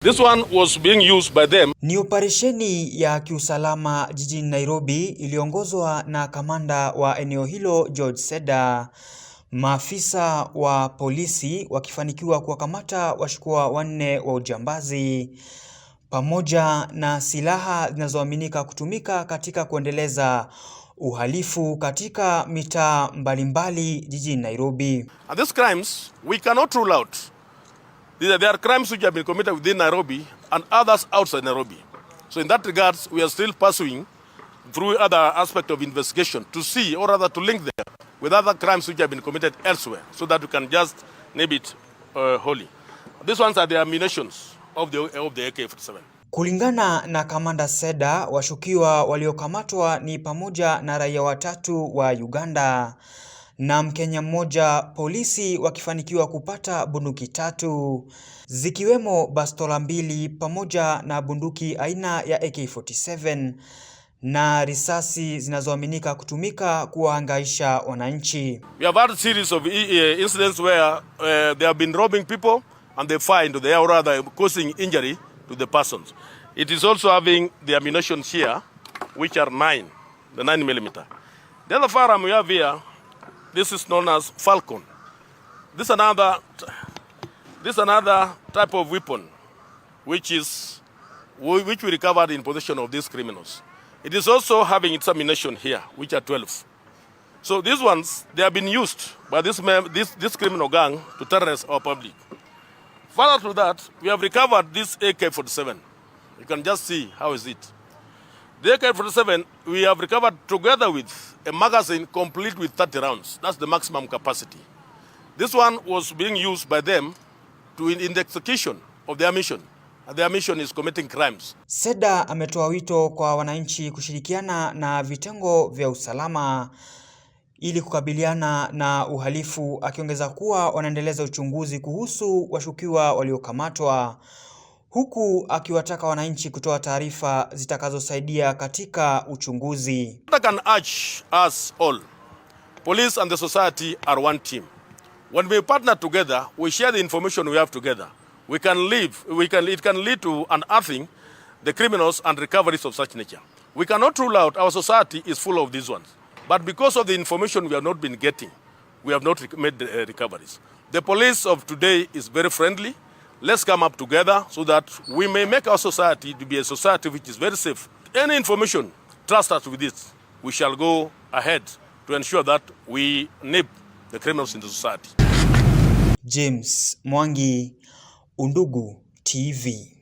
This one was being used by them. Ni operesheni ya kiusalama jijini Nairobi iliongozwa na kamanda wa eneo hilo George Seda, maafisa wa polisi wakifanikiwa kuwakamata washukiwa wanne wa ujambazi pamoja na silaha zinazoaminika kutumika katika kuendeleza uhalifu katika mitaa mbalimbali jijini Nairobi. And these crimes we cannot rule out. There are crimes which have been committed within Nairobi and others outside Nairobi. So in that regards, we are still pursuing through other aspect of investigation to see or rather to link them with other crimes which have been committed elsewhere so that we can just name it uh, wholly. These ones are the ammunitions of the, of the AK-47. Kulingana na Kamanda Seda, washukiwa waliokamatwa ni pamoja na raia watatu wa Uganda na Mkenya mmoja polisi wakifanikiwa kupata bunduki tatu zikiwemo bastola mbili pamoja na bunduki aina ya AK47 na risasi zinazoaminika kutumika kuwahangaisha wananchi. We have had a series of eh, eh, incidents where uh, eh, they have been robbing people and they find they are rather causing injury to the persons. It is also having the ammunition here which are nine, the 9 millimeter. The other firearm we have here This is known as falcon. This another, this another type of weapon, which is which we recovered in possession of these criminals. It is also having its ammunition here, which are 12. So these ones, they have been used by this, this, this criminal gang to terrorize our public. Further to that, we have recovered this AK-47. You can just see how is it. The AK-47 we have recovered together with a magazine complete with 30 rounds. That's the maximum capacity. This one was being used by them to in the execution of their mission. Their mission is committing crimes. Seda ametoa wito kwa wananchi kushirikiana na vitengo vya usalama ili kukabiliana na uhalifu akiongeza kuwa wanaendeleza uchunguzi kuhusu washukiwa waliokamatwa huku akiwataka wananchi kutoa taarifa zitakazosaidia katika uchunguzi. I can urge us all. Police and the society are one team. When we partner together, we share the information we have together. We can live, we can, it can lead to unearthing the criminals and recoveries of such nature. We cannot rule out our society is full of these ones. But because of the information we have not been getting, we have not made the uh, recoveries. The police of today is very friendly. Let's come up together so that we may make our society to be a society which is very safe. Any information, trust us with this. We shall go ahead to ensure that we nip the criminals in the society. James Mwangi, Undugu TV.